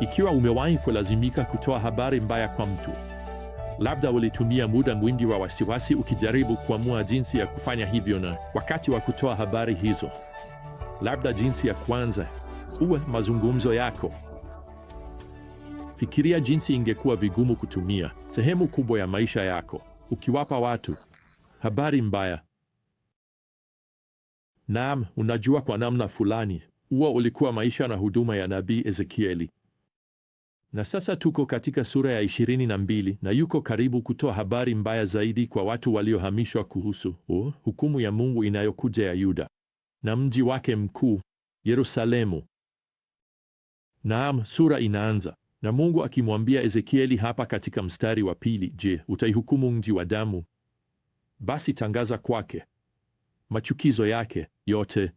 Ikiwa umewahi kulazimika kutoa habari mbaya kwa mtu, labda ulitumia muda mwingi wa wasiwasi ukijaribu kuamua jinsi ya kufanya hivyo, na wakati wa kutoa habari hizo, labda jinsi ya kwanza uwe mazungumzo yako. Fikiria jinsi ingekuwa vigumu kutumia sehemu kubwa ya maisha yako ukiwapa watu habari mbaya. Naam, unajua, kwa namna fulani huo ulikuwa maisha na huduma ya nabii Ezekieli. Na sasa tuko katika sura ya ishirini na mbili na yuko karibu kutoa habari mbaya zaidi kwa watu waliohamishwa kuhusu uh, hukumu ya Mungu inayokuja ya Yuda na mji wake mkuu Yerusalemu. Naam, sura inaanza na Mungu akimwambia Ezekieli hapa katika mstari wa pili, je, utaihukumu mji wa damu? Basi tangaza kwake machukizo yake yote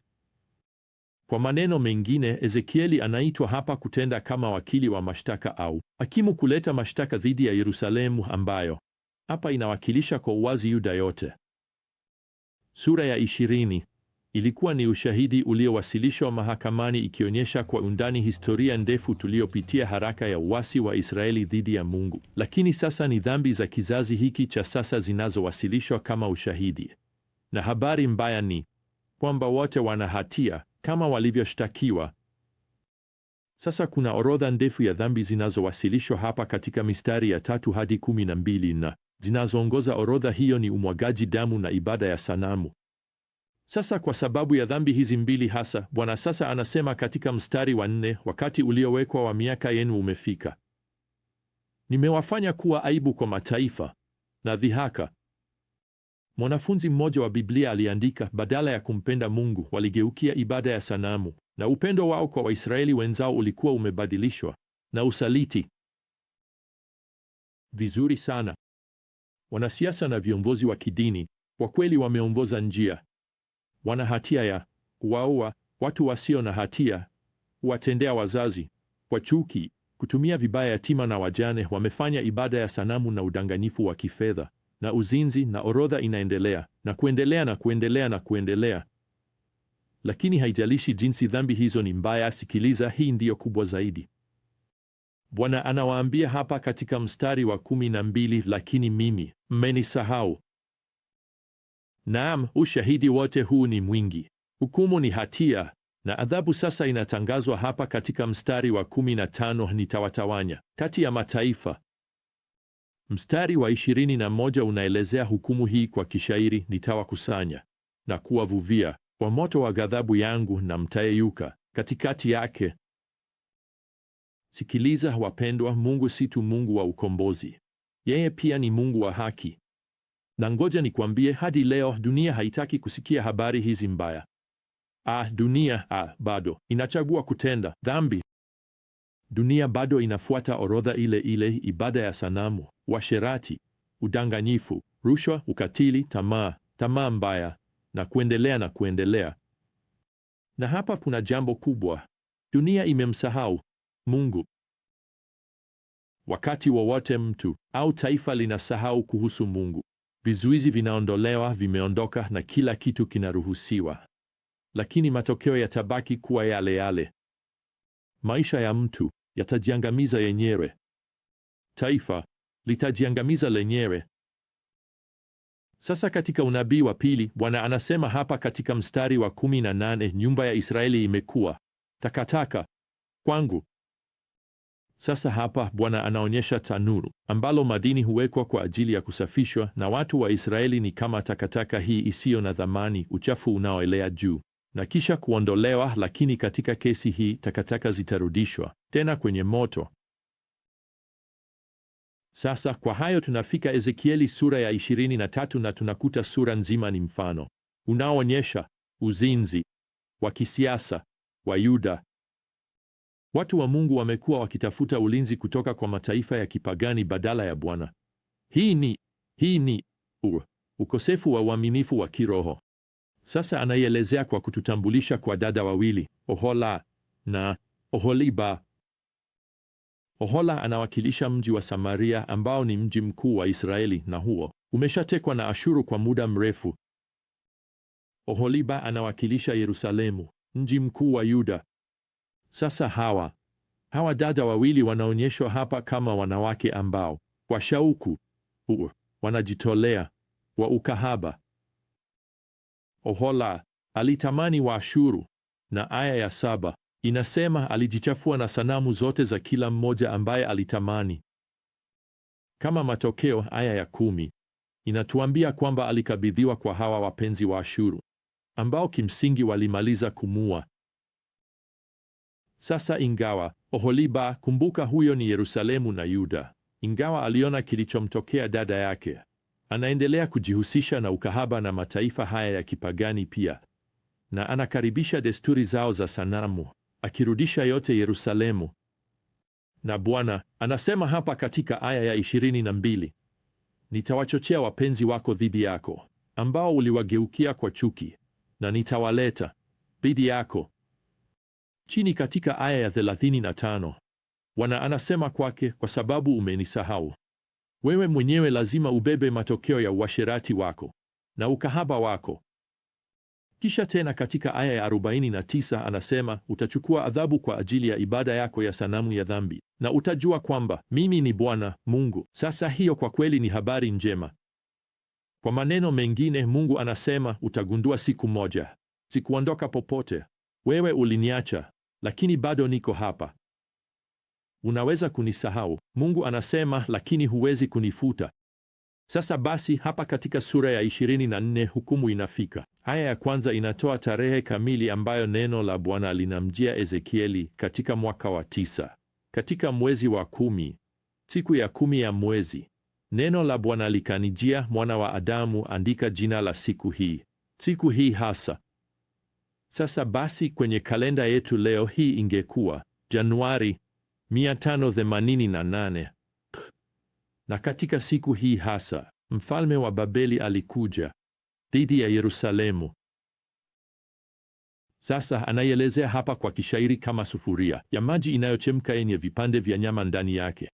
kwa maneno mengine, Ezekieli anaitwa hapa kutenda kama wakili wa mashtaka au hakimu kuleta mashtaka dhidi ya Yerusalemu ambayo hapa inawakilisha kwa uwazi Yuda yote. Sura ya ishirini ilikuwa ni ushahidi uliowasilishwa mahakamani ikionyesha kwa undani historia ndefu tuliyopitia haraka ya uasi wa Israeli dhidi ya Mungu, lakini sasa ni dhambi za kizazi hiki cha sasa zinazowasilishwa kama ushahidi, na habari mbaya ni kwamba wote wana hatia kama walivyoshtakiwa. Sasa kuna orodha ndefu ya dhambi zinazowasilishwa hapa katika mistari ya tatu hadi kumi na mbili na zinazoongoza orodha hiyo ni umwagaji damu na ibada ya sanamu. Sasa kwa sababu ya dhambi hizi mbili hasa, Bwana sasa anasema katika mstari wa nne, wakati uliowekwa wa miaka yenu umefika, nimewafanya kuwa aibu kwa mataifa na dhihaka Mwanafunzi mmoja wa Biblia aliandika, badala ya kumpenda Mungu waligeukia ibada ya sanamu, na upendo wao kwa Waisraeli wenzao ulikuwa umebadilishwa na usaliti. Vizuri sana. Wanasiasa na viongozi wa kidini kwa kweli wameongoza njia. Wana hatia ya kuwaua watu wasio na hatia, kuwatendea wazazi kwa chuki, kutumia vibaya yatima na wajane. Wamefanya ibada ya sanamu na udanganyifu wa kifedha na uzinzi na orodha inaendelea na kuendelea na kuendelea na kuendelea. Lakini haijalishi jinsi dhambi hizo ni mbaya, sikiliza, hii ndiyo kubwa zaidi. Bwana anawaambia hapa katika mstari wa kumi na mbili, lakini mimi mmenisahau. Naam, ushahidi wote huu ni mwingi. Hukumu ni hatia na adhabu sasa inatangazwa hapa katika mstari wa kumi na tano, nitawatawanya kati ya mataifa Mstari wa ishirini na moja unaelezea hukumu hii kwa kishairi: nitawakusanya na kuwavuvia kwa moto wa ghadhabu yangu, na mtayeyuka katikati yake. Sikiliza wapendwa, Mungu si tu Mungu wa ukombozi, yeye pia ni Mungu wa haki. Na ngoja nikwambie, hadi leo dunia haitaki kusikia habari hizi mbaya. Ah, dunia ah, bado inachagua kutenda dhambi. Dunia bado inafuata orodha ile ile: ibada ya sanamu, washerati udanganyifu, rushwa, ukatili, tamaa, tamaa mbaya na kuendelea na kuendelea. Na hapa kuna jambo kubwa: dunia imemsahau Mungu. Wakati wowote mtu au taifa linasahau kuhusu Mungu, vizuizi vinaondolewa, vimeondoka na kila kitu kinaruhusiwa, lakini matokeo yatabaki kuwa yale yale. Maisha ya mtu yatajiangamiza yenyewe. Taifa litajiangamiza lenyewe. Sasa katika unabii wa pili, Bwana anasema hapa katika mstari wa kumi na nane, nyumba ya Israeli imekuwa takataka kwangu. Sasa hapa Bwana anaonyesha tanuru ambalo madini huwekwa kwa ajili ya kusafishwa, na watu wa Israeli ni kama takataka hii isiyo na dhamani, uchafu unaoelea juu na kisha kuondolewa, lakini katika kesi hii takataka zitarudishwa tena kwenye moto. Sasa kwa hayo tunafika Ezekieli sura ya 23 na tunakuta sura nzima ni mfano unaoonyesha uzinzi wa kisiasa wa Yuda. Watu wa Mungu wamekuwa wakitafuta ulinzi kutoka kwa mataifa ya kipagani badala ya Bwana. Hii ni hii ni u, ukosefu wa uaminifu wa kiroho. Sasa anaielezea kwa kututambulisha kwa dada wawili, Ohola na Oholiba. Ohola anawakilisha mji wa Samaria ambao ni mji mkuu wa Israeli na huo umeshatekwa na Ashuru kwa muda mrefu. Oholiba anawakilisha Yerusalemu, mji mkuu wa Yuda. Sasa hawa hawa dada wawili wanaonyeshwa hapa kama wanawake ambao kwa shauku u wanajitolea wa ukahaba Ohola alitamani Waashuru, na aya ya saba inasema alijichafua na sanamu zote za kila mmoja ambaye alitamani. Kama matokeo, aya ya kumi inatuambia kwamba alikabidhiwa kwa hawa wapenzi wa Ashuru ambao kimsingi walimaliza kumua. Sasa ingawa Oholiba, kumbuka huyo ni Yerusalemu na Yuda, ingawa aliona kilichomtokea dada yake, Anaendelea kujihusisha na ukahaba na mataifa haya ya kipagani pia, na anakaribisha desturi zao za sanamu, akirudisha yote Yerusalemu. Na Bwana anasema hapa katika aya ya 22, nitawachochea wapenzi wako dhidi yako, ambao uliwageukia kwa chuki, na nitawaleta dhidi yako. Chini katika aya ya 35, Bwana anasema kwake, kwa sababu umenisahau wewe mwenyewe lazima ubebe matokeo ya uasherati wako na ukahaba wako. Kisha tena katika aya ya 49 anasema, utachukua adhabu kwa ajili ya ibada yako ya sanamu ya dhambi, na utajua kwamba mimi ni Bwana Mungu. Sasa hiyo kwa kweli ni habari njema. Kwa maneno mengine, Mungu anasema, utagundua siku moja, sikuondoka popote. Wewe uliniacha, lakini bado niko hapa. Unaweza kunisahau, Mungu anasema, lakini huwezi kunifuta. Sasa basi, hapa katika sura ya 24 hukumu inafika. Aya ya kwanza inatoa tarehe kamili ambayo neno la Bwana linamjia Ezekieli katika mwaka wa tisa, katika mwezi wa kumi, siku ya kumi ya mwezi. Neno la Bwana likanijia, mwana wa Adamu, andika jina la siku hii, siku hii hasa. Sasa basi, kwenye kalenda yetu leo hii ingekuwa Januari 588. Na katika siku hii hasa mfalme wa Babeli alikuja dhidi ya Yerusalemu. Sasa anaielezea hapa kwa kishairi kama sufuria ya maji inayochemka yenye vipande vya nyama ndani yake.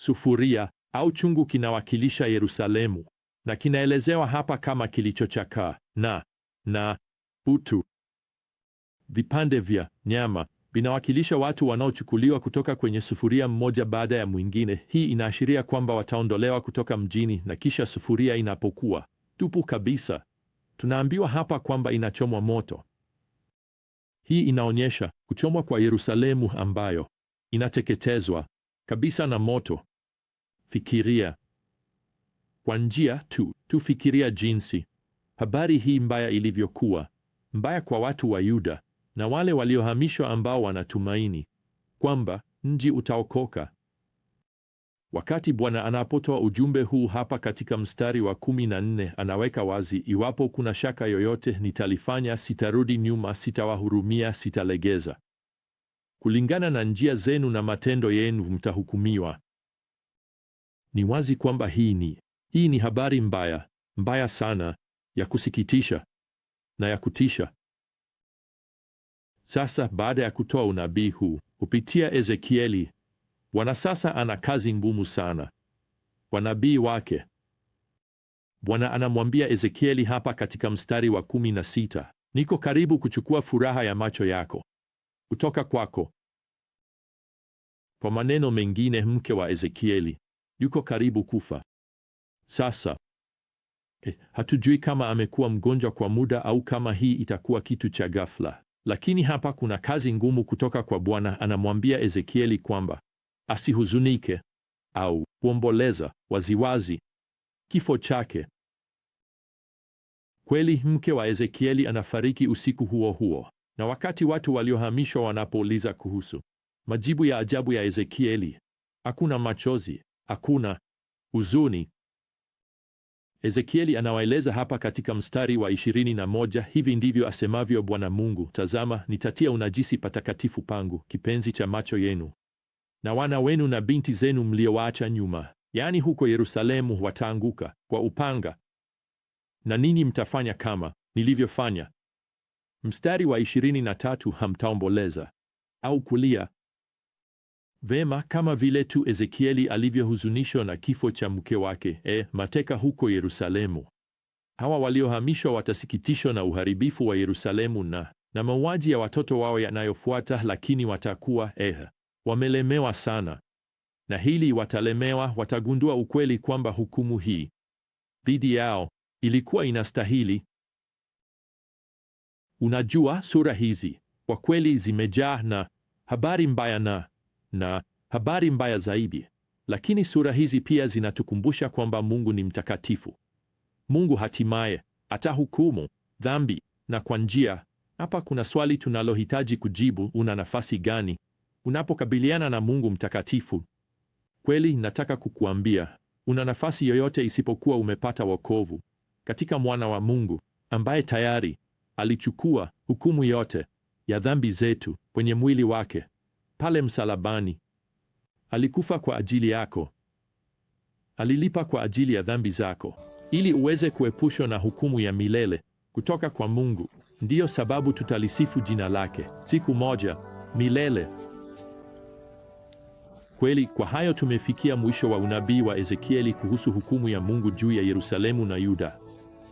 Sufuria au chungu kinawakilisha Yerusalemu na kinaelezewa hapa kama kilichochakaa na na utu, vipande vya nyama vinawakilisha watu wanaochukuliwa kutoka kwenye sufuria mmoja baada ya mwingine. Hii inaashiria kwamba wataondolewa kutoka mjini, na kisha sufuria inapokuwa tupu kabisa, tunaambiwa hapa kwamba inachomwa moto. Hii inaonyesha kuchomwa kwa Yerusalemu ambayo inateketezwa kabisa na moto. Fikiria kwa njia tu tufikiria jinsi habari hii mbaya ilivyokuwa mbaya kwa watu wa Yuda na wale waliohamishwa ambao wanatumaini kwamba mji utaokoka. Wakati Bwana anapotoa ujumbe huu hapa katika mstari wa kumi na nne, anaweka wazi, iwapo kuna shaka yoyote, nitalifanya, sitarudi nyuma, sitawahurumia, sitalegeza. Kulingana na njia zenu na matendo yenu mtahukumiwa. Ni wazi kwamba hii ni hii ni habari mbaya, mbaya sana, ya kusikitisha na ya kutisha. Sasa baada ya kutoa unabii huu kupitia Ezekieli, Bwana sasa ana kazi ngumu sana kwa nabii wake. Bwana anamwambia Ezekieli hapa katika mstari wa kumi na sita, niko karibu kuchukua furaha ya macho yako kutoka kwako. Kwa maneno mengine, mke wa Ezekieli yuko karibu kufa. Sasa eh, hatujui kama amekuwa mgonjwa kwa muda au kama hii itakuwa kitu cha ghafla. Lakini hapa kuna kazi ngumu kutoka kwa Bwana. Anamwambia Ezekieli kwamba asihuzunike au kuomboleza waziwazi kifo chake. Kweli mke wa Ezekieli anafariki usiku huo huo, na wakati watu waliohamishwa wanapouliza kuhusu majibu ya ajabu ya Ezekieli, hakuna machozi, hakuna huzuni. Ezekieli anawaeleza hapa katika mstari wa 21, hivi ndivyo asemavyo Bwana Mungu, tazama, nitatia unajisi patakatifu pangu, kipenzi cha macho yenu, na wana wenu na binti zenu mliowaacha nyuma, yaani huko Yerusalemu, wataanguka kwa upanga, na ninyi mtafanya kama nilivyofanya. Mstari wa 23, hamtaomboleza au kulia Vema, kama vile tu Ezekieli alivyohuzunishwa na kifo cha mke wake, e, mateka huko Yerusalemu. Hawa waliohamishwa watasikitishwa na uharibifu wa Yerusalemu na na mauaji ya watoto wao yanayofuata, lakini watakuwa eh, wamelemewa sana na hili. Watalemewa, watagundua ukweli kwamba hukumu hii dhidi yao ilikuwa inastahili. Unajua, sura hizi kwa kweli zimejaa na habari mbaya na na habari mbaya zaidi, lakini sura hizi pia zinatukumbusha kwamba Mungu ni mtakatifu. Mungu hatimaye atahukumu dhambi na kwa njia hapa kuna swali tunalohitaji kujibu: una nafasi gani unapokabiliana na Mungu mtakatifu? Kweli nataka kukuambia una nafasi yoyote isipokuwa umepata wokovu katika mwana wa Mungu ambaye tayari alichukua hukumu yote ya dhambi zetu kwenye mwili wake pale msalabani. Alikufa kwa ajili yako. Alilipa kwa ajili ya dhambi zako ili uweze kuepushwa na hukumu ya milele kutoka kwa Mungu. Ndiyo sababu tutalisifu jina lake siku moja milele. Kweli, kwa hayo tumefikia mwisho wa unabii wa Ezekieli kuhusu hukumu ya Mungu juu ya Yerusalemu na Yuda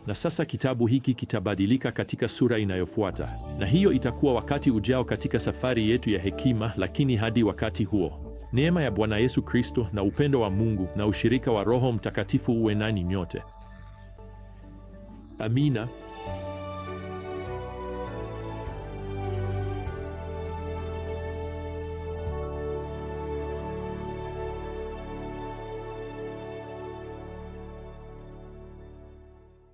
na sasa kitabu hiki kitabadilika katika sura inayofuata, na hiyo itakuwa wakati ujao katika safari yetu ya hekima. Lakini hadi wakati huo, neema ya Bwana Yesu Kristo na upendo wa Mungu na ushirika wa Roho Mtakatifu uwe nani nyote. Amina.